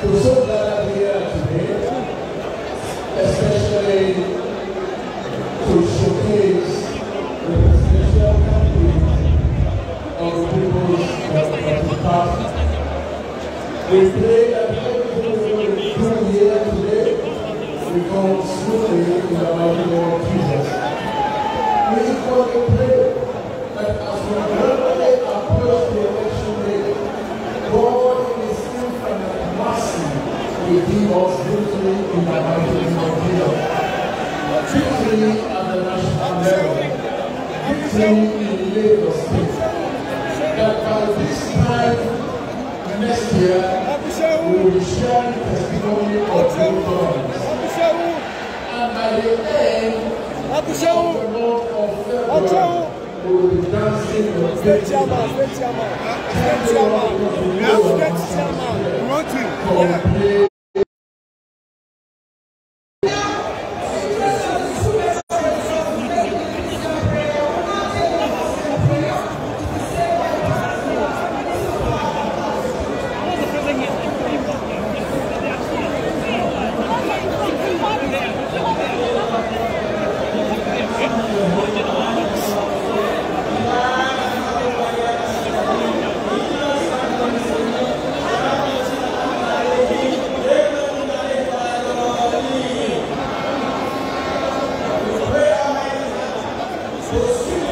We're so glad to be here today, especially to showcase the of the People's We pray us we will be sharing testimony of good Deus.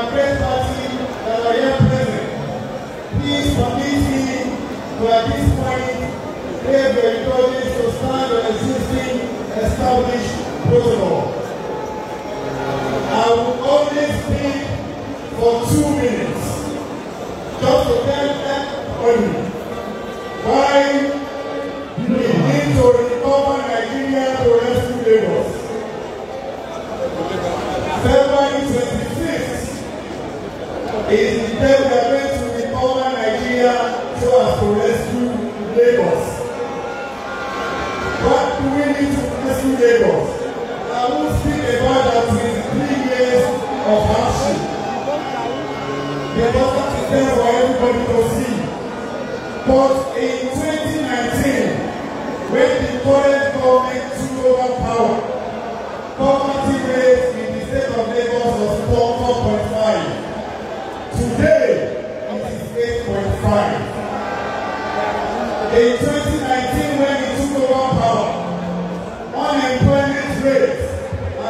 our great party that are here present, please permit me to at this point crave the indulgence to stand on existing established protocol. I will only speak for two minutes just to tell that everybody why we need to recover Nigeria to rescue Lagos. It is the day we are going to recover Nigeria so as to rescue Lagos. What do we need to rescue Lagos? I will speak about that in three years of action. The doctor is for everybody to see. But in 2019, when the current government took over power, poverty rate in the state of Lagos was 4.5. Christ. In 2019, when he took over power, unemployment rate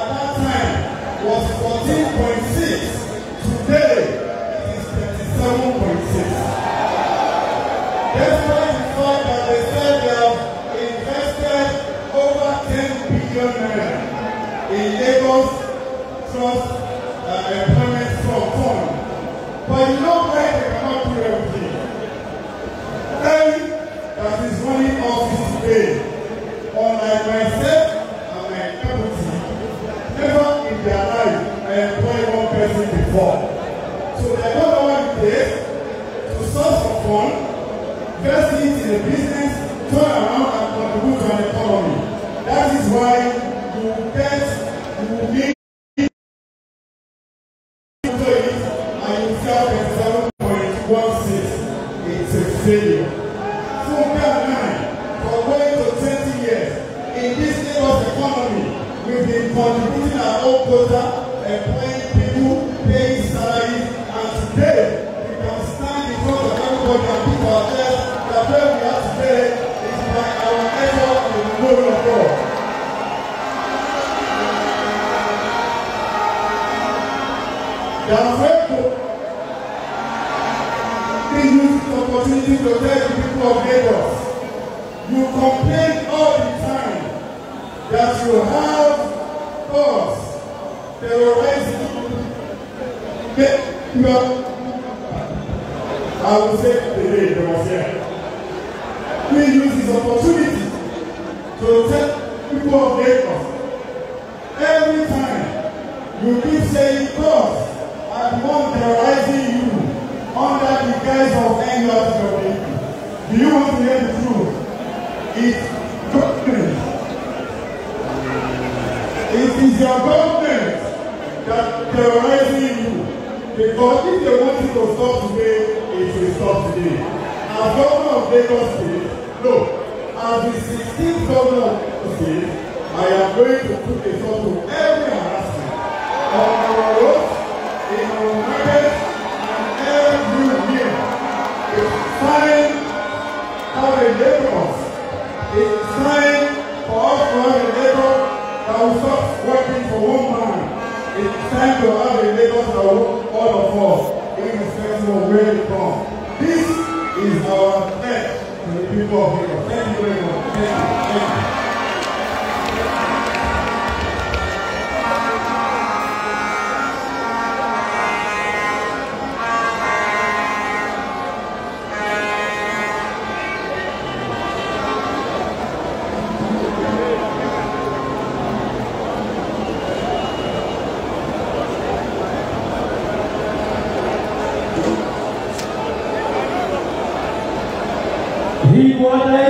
at that time was 14.6. Today, it is 37.6. Despite the fact that they said they have invested over 10 billion naira in Lagos Trust uh, Employment Fund, but you know where a business turn around and contribute to an economy. That is why you get, you need Because if they want it to stop today, it will stop today. As governor of Lagos State, no, as the 16th governor of Lagos State, I am going to put a stop to every harassment on our roads, in our markets, and everywhere. It's time for a Lagos. It's time for us to have a Lagos that will stop working for one man. It's time to have a Lagos that will all of us, in the irrespective of where we come. This is our pledge to the people of Lagos. Thank you very much. Thank you. Thank you. Lord,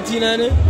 salati ne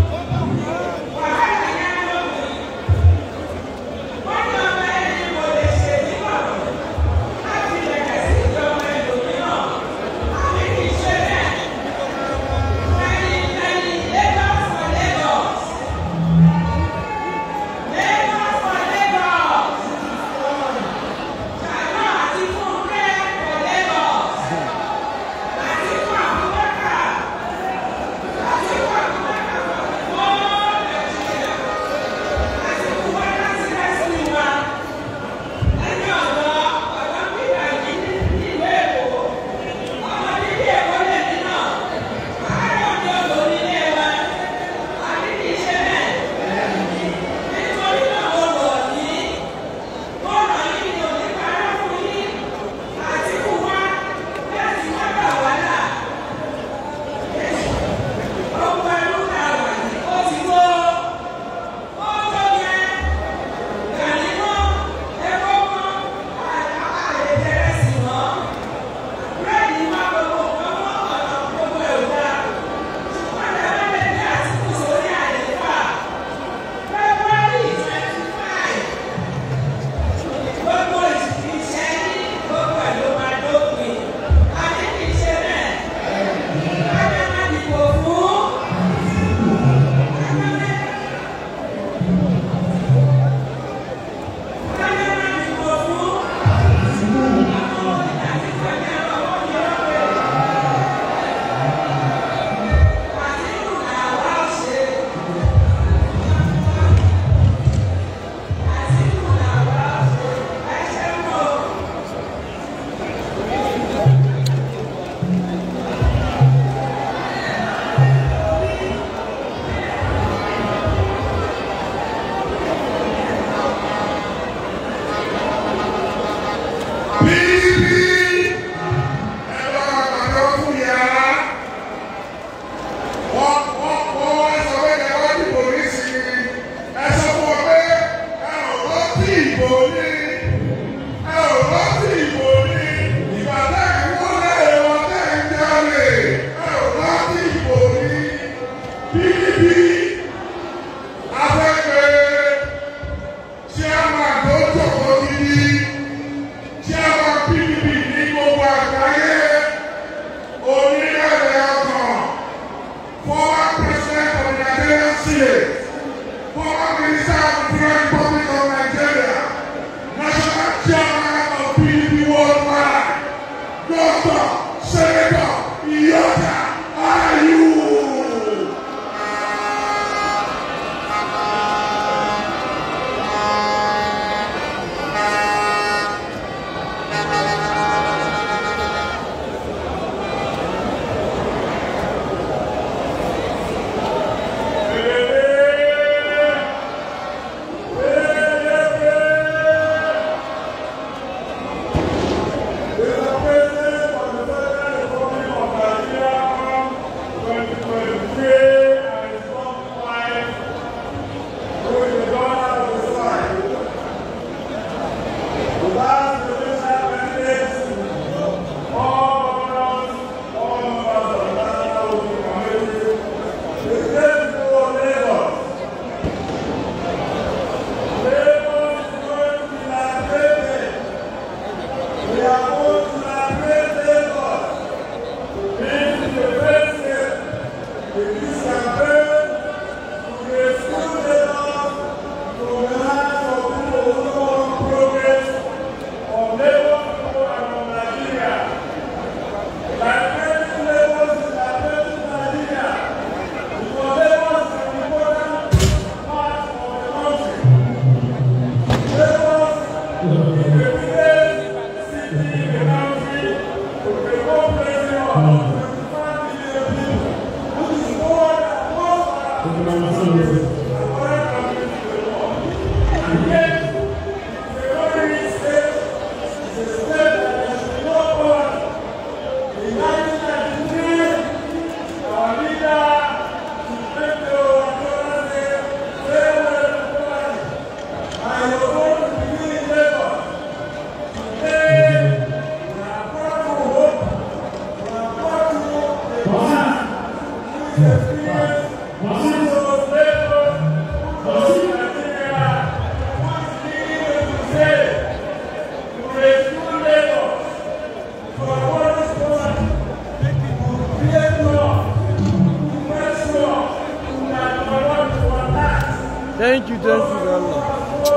Thank you, thank you, Allah.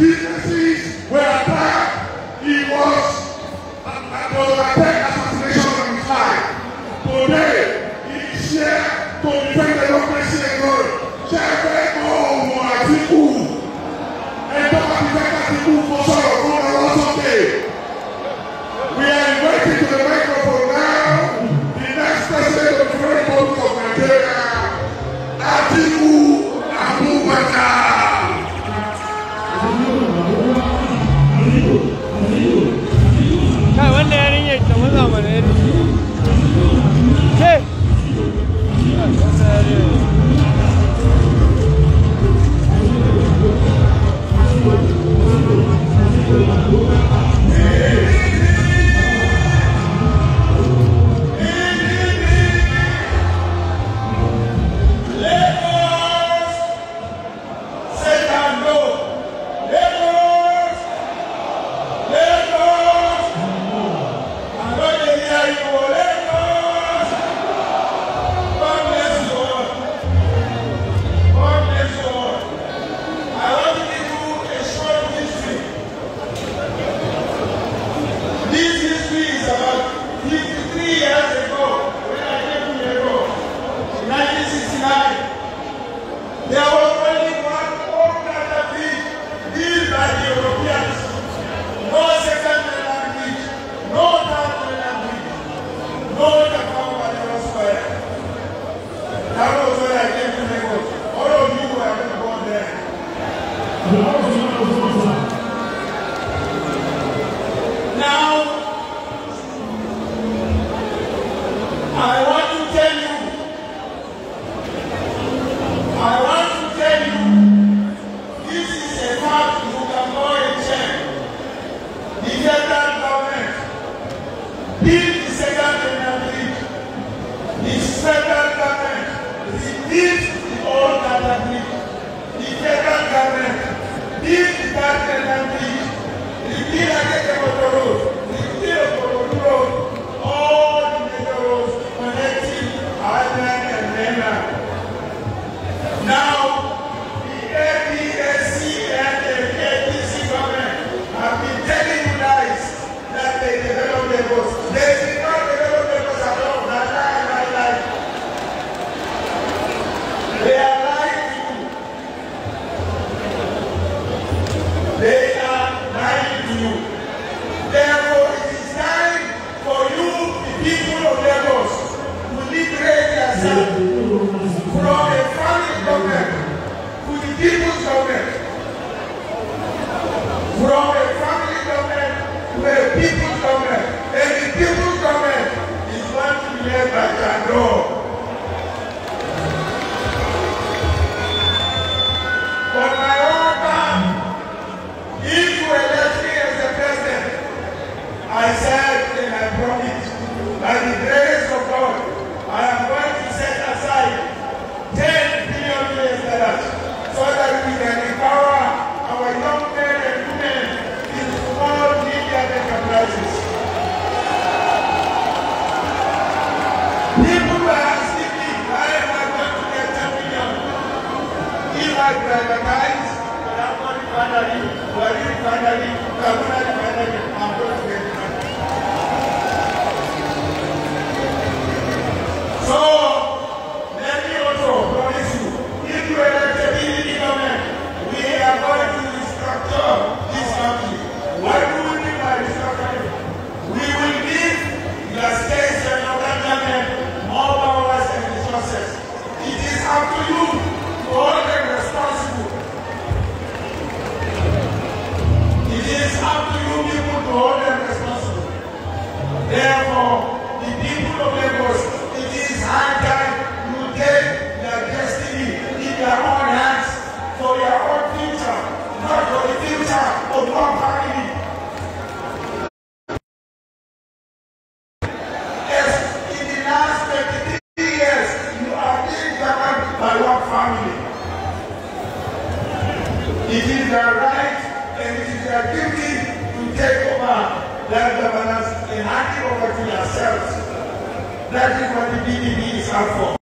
Yeah.